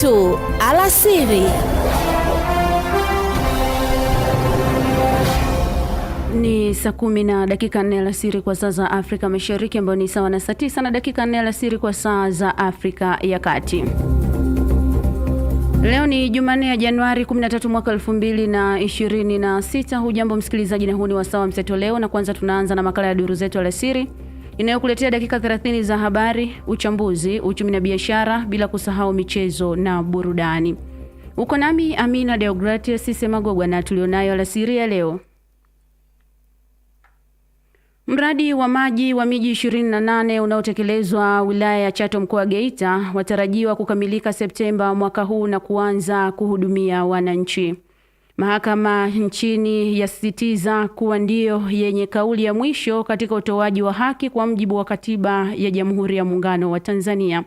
tu alasiri. Ni saa kumi na dakika nne alasiri kwa saa za Afrika Mashariki, ambayo ni sawa na saa tisa na dakika nne alasiri kwa saa za Afrika ya Kati. Leo ni Jumanne ya Januari 13 mwaka 2026. Hujambo msikilizaji, na huu ni Wasawa Mseto leo, na kwanza tunaanza na makala ya duru zetu alasiri inayokuletea dakika 30 za habari, uchambuzi, uchumi na biashara, bila kusahau michezo na burudani. Uko nami Amina Deogratia Sisemagogwa na tulionayo alasiri ya leo. Mradi wa maji wa miji 28 unaotekelezwa wilaya ya Chato mkoa wa Geita watarajiwa kukamilika Septemba mwaka huu na kuanza kuhudumia wananchi. Mahakama nchini yasisitiza kuwa ndiyo yenye kauli ya mwisho katika utoaji wa haki kwa mujibu wa katiba ya Jamhuri ya Muungano wa Tanzania.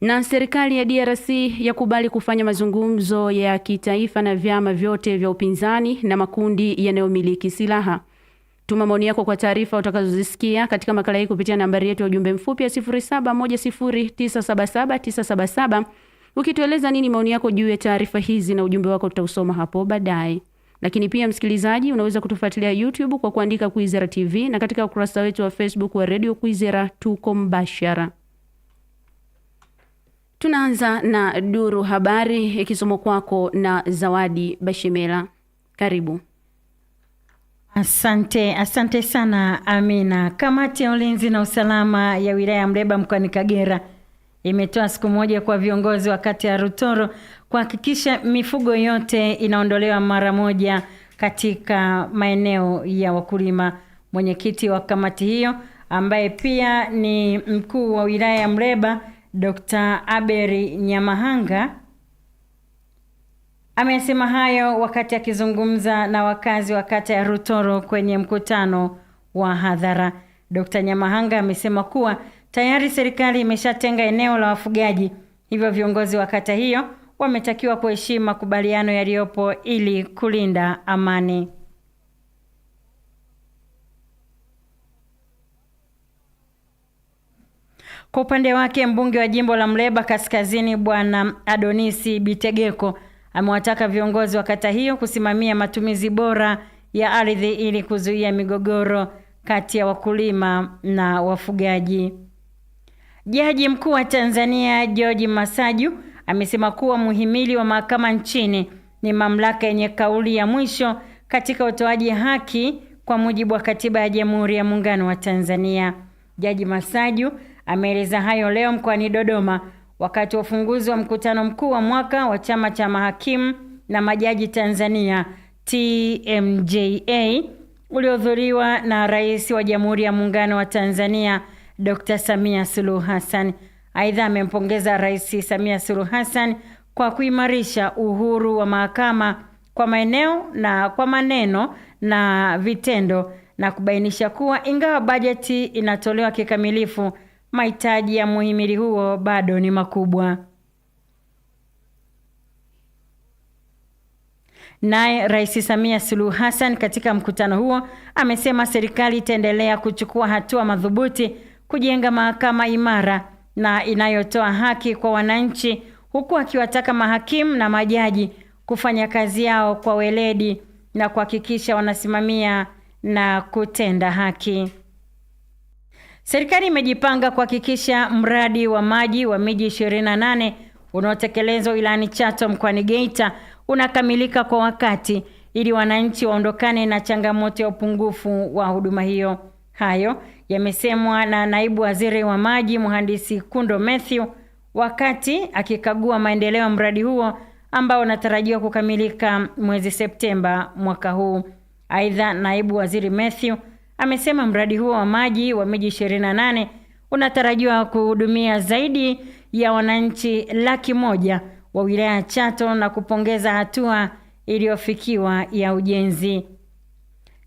Na serikali ya DRC yakubali kufanya mazungumzo ya kitaifa na vyama vyote vya upinzani na makundi yanayomiliki silaha. Tuma maoni yako kwa taarifa utakazozisikia katika makala hii kupitia nambari yetu ya ujumbe mfupi ya 0710977977 Ukitueleza nini maoni yako juu ya taarifa hizi na ujumbe wako, tutausoma hapo baadaye. Lakini pia msikilizaji, unaweza kutufuatilia YouTube kwa kuandika Kwizera TV na katika ukurasa wetu wa Facebook wa Radio Kwizera tuko mbashara. Tunaanza na duru habari ikisomwa kwako na Zawadi Bashemela. Karibu. Asante, asante sana Amina. Kamati ya ulinzi na usalama ya wilaya ya Mleba mkoani Kagera imetoa siku moja kwa viongozi wa kata ya Rutoro kuhakikisha mifugo yote inaondolewa mara moja katika maeneo ya wakulima. Mwenyekiti wa kamati hiyo ambaye pia ni mkuu wa wilaya ya Mreba, Dr. Aberi Nyamahanga amesema hayo wakati akizungumza na wakazi wa kata ya Rutoro kwenye mkutano wa hadhara. Dr. Nyamahanga amesema kuwa Tayari serikali imeshatenga eneo la wafugaji, hivyo viongozi wa kata hiyo wametakiwa kuheshimu makubaliano yaliyopo ili kulinda amani. Kwa upande wake, mbunge wa jimbo la Mleba Kaskazini Bwana Adonisi Bitegeko amewataka viongozi wa kata hiyo kusimamia matumizi bora ya ardhi ili kuzuia migogoro kati ya wakulima na wafugaji. Jaji mkuu wa Tanzania George Masaju amesema kuwa muhimili wa mahakama nchini ni mamlaka yenye kauli ya mwisho katika utoaji haki kwa mujibu wa Katiba ya Jamhuri ya Muungano wa Tanzania. Jaji Masaju ameeleza hayo leo mkoani Dodoma wakati wa ufunguzi wa mkutano mkuu wa mwaka wa Chama cha Mahakimu na Majaji Tanzania TMJA uliohudhuriwa na Rais wa Jamhuri ya Muungano wa Tanzania Dkt. Samia Suluhu Hassan. Aidha, amempongeza Rais Samia Suluhu Hassan kwa kuimarisha uhuru wa mahakama kwa maeneo na kwa maneno na vitendo na kubainisha kuwa ingawa bajeti inatolewa kikamilifu, mahitaji ya muhimili huo bado ni makubwa. Naye Rais Samia Suluhu Hassan katika mkutano huo amesema serikali itaendelea kuchukua hatua madhubuti kujenga mahakama imara na inayotoa haki kwa wananchi, huku akiwataka mahakimu na majaji kufanya kazi yao kwa weledi na kuhakikisha wanasimamia na kutenda haki. Serikali imejipanga kuhakikisha mradi wa maji wa miji 28 unaotekelezwa wilayani Chato mkoani Geita unakamilika kwa wakati ili wananchi waondokane na changamoto ya upungufu wa huduma hiyo. Hayo yamesemwa na naibu waziri wa maji mhandisi Kundo Mathew wakati akikagua maendeleo ya mradi huo ambao unatarajiwa kukamilika mwezi Septemba mwaka huu. Aidha, naibu waziri Mathew amesema mradi huo wa maji wa miji 28 unatarajiwa kuhudumia zaidi ya wananchi laki moja wa wilaya ya Chato na kupongeza hatua iliyofikiwa ya ujenzi.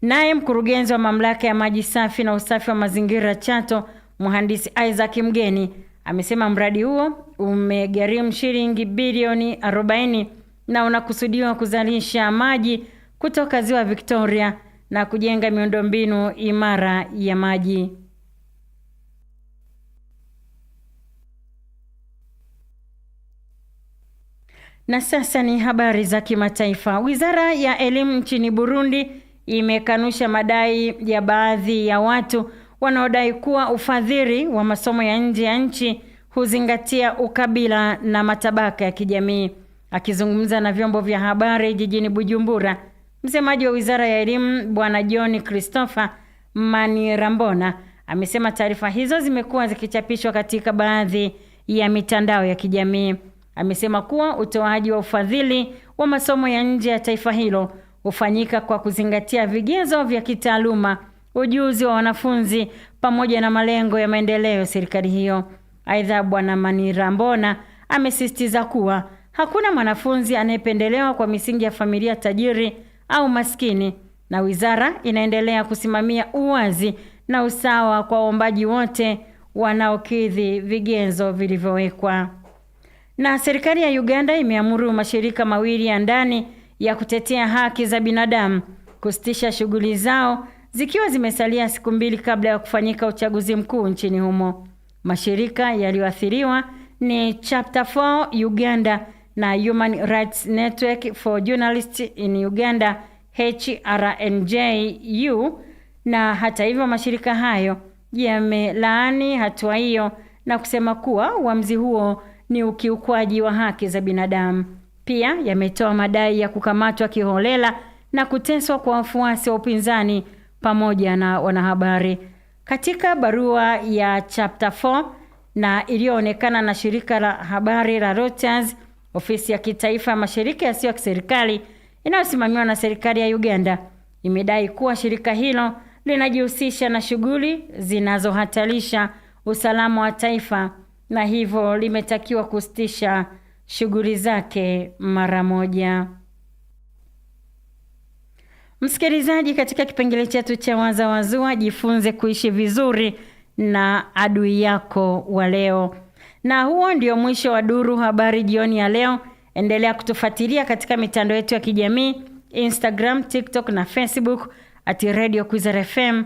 Naye mkurugenzi wa mamlaka ya maji safi na usafi wa mazingira Chato, mhandisi Isaac Mgeni amesema mradi huo umegharimu shilingi bilioni 40 na unakusudiwa kuzalisha maji kutoka ziwa Victoria na kujenga miundombinu imara ya maji. Na sasa ni habari za kimataifa. Wizara ya elimu nchini Burundi imekanusha madai ya baadhi ya watu wanaodai kuwa ufadhili wa masomo ya nje ya nchi huzingatia ukabila na matabaka ya kijamii. Akizungumza na vyombo vya habari jijini Bujumbura, msemaji wa Wizara ya Elimu Bwana John Christopher Manirambona amesema taarifa hizo zimekuwa zikichapishwa katika baadhi ya mitandao ya kijamii. Amesema kuwa utoaji wa ufadhili wa masomo ya nje ya taifa hilo hufanyika kwa kuzingatia vigezo vya kitaaluma, ujuzi wa wanafunzi pamoja na malengo ya maendeleo ya serikali hiyo. Aidha, Bwana Manirambona amesisitiza kuwa hakuna mwanafunzi anayependelewa kwa misingi ya familia tajiri au maskini, na wizara inaendelea kusimamia uwazi na usawa kwa waombaji wote wanaokidhi vigezo vilivyowekwa. Na serikali ya Uganda imeamuru mashirika mawili ya ndani ya kutetea haki za binadamu kusitisha shughuli zao zikiwa zimesalia siku mbili kabla ya kufanyika uchaguzi mkuu nchini humo. Mashirika yaliyoathiriwa ni Chapter 4 Uganda na Human Rights Network for Journalists in Uganda HRNJU. Na hata hivyo, mashirika hayo yamelaani hatua hiyo na kusema kuwa uamuzi huo ni ukiukwaji wa haki za binadamu pia yametoa madai ya kukamatwa kiholela na kuteswa kwa wafuasi wa upinzani pamoja na wanahabari. Katika barua ya chapter 4 na iliyoonekana na shirika la habari la Reuters, ofisi ya kitaifa ya mashirika yasiyo ya kiserikali inayosimamiwa na serikali ya Uganda imedai kuwa shirika hilo linajihusisha na shughuli zinazohatarisha usalama wa taifa na hivyo limetakiwa kusitisha shughuli zake mara moja. Msikilizaji, katika kipengele chetu cha waza wazua, jifunze kuishi vizuri na adui yako wa leo. Na huo ndio mwisho wa duru habari jioni ya leo. Endelea kutufuatilia katika mitandao yetu ya kijamii Instagram, TikTok na Facebook at Radio Kwizera FM,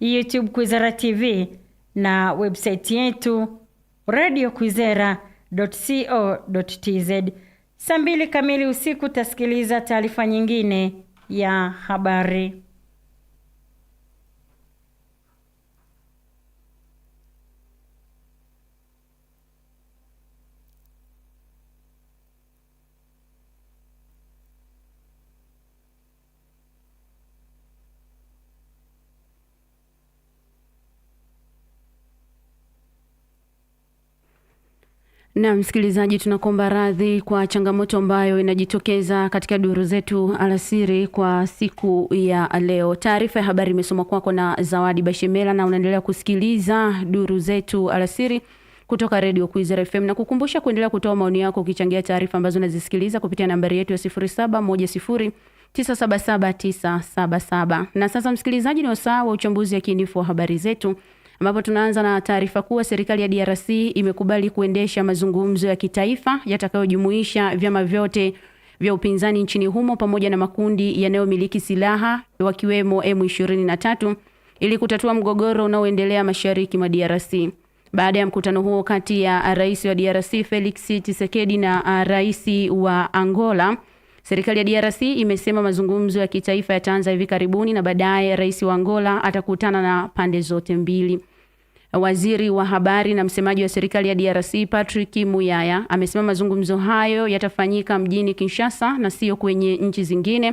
YouTube Kwizera TV na website yetu Radio Kwizera.com co.tz. Saa mbili kamili usiku tasikiliza taarifa nyingine ya habari. Na msikilizaji, tunakuomba radhi kwa changamoto ambayo inajitokeza katika duru zetu alasiri kwa siku ya leo. Taarifa ya habari imesoma kwako na Zawadi Bashemela, na unaendelea kusikiliza duru zetu alasiri kutoka Radio Kwizera FM, na kukumbusha kuendelea kutoa maoni yako ukichangia taarifa ambazo unazisikiliza kupitia nambari yetu ya 0710977977. Na sasa msikilizaji, ni wasaa wa uchambuzi yakinifu wa habari zetu ambapo tunaanza na taarifa kuwa serikali ya DRC imekubali kuendesha mazungumzo ya kitaifa yatakayojumuisha vyama vyote vya upinzani nchini humo pamoja na makundi yanayomiliki silaha wakiwemo M23 ili kutatua mgogoro unaoendelea mashariki mwa DRC. Baada ya mkutano huo kati ya rais wa DRC Felix Tshisekedi na rais wa Angola Serikali ya DRC imesema mazungumzo ya kitaifa yataanza hivi karibuni na baadaye rais wa Angola atakutana na pande zote mbili. Waziri wa habari na msemaji wa serikali ya DRC Patrick Muyaya amesema mazungumzo hayo yatafanyika mjini Kinshasa na sio kwenye nchi zingine,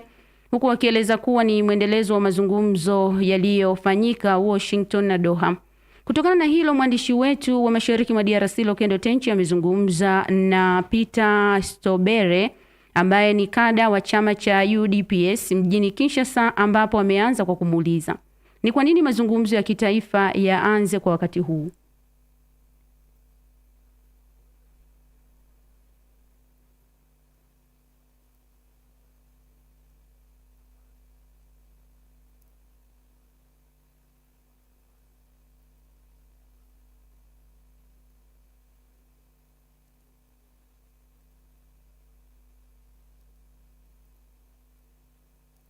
huku akieleza kuwa ni mwendelezo wa mazungumzo yaliyofanyika Washington na Doha. Kutokana na hilo, mwandishi wetu wa mashariki mwa DRC Lokendo Tenchi amezungumza na Peter Stobere ambaye ni kada wa chama cha UDPS mjini Kinshasa, ambapo ameanza kwa kumuuliza ni kwa nini mazungumzo ya kitaifa yaanze kwa wakati huu.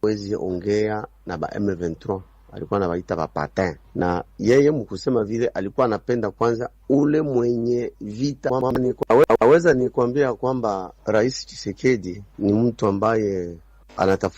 wezi ongea na ba M23 alikuwa anawaita bapatin na yeye mkusema vile alikuwa anapenda kwanza ule mwenye vita aweza nikwambia kwamba Rais Tshisekedi ni mtu ambaye anatafuta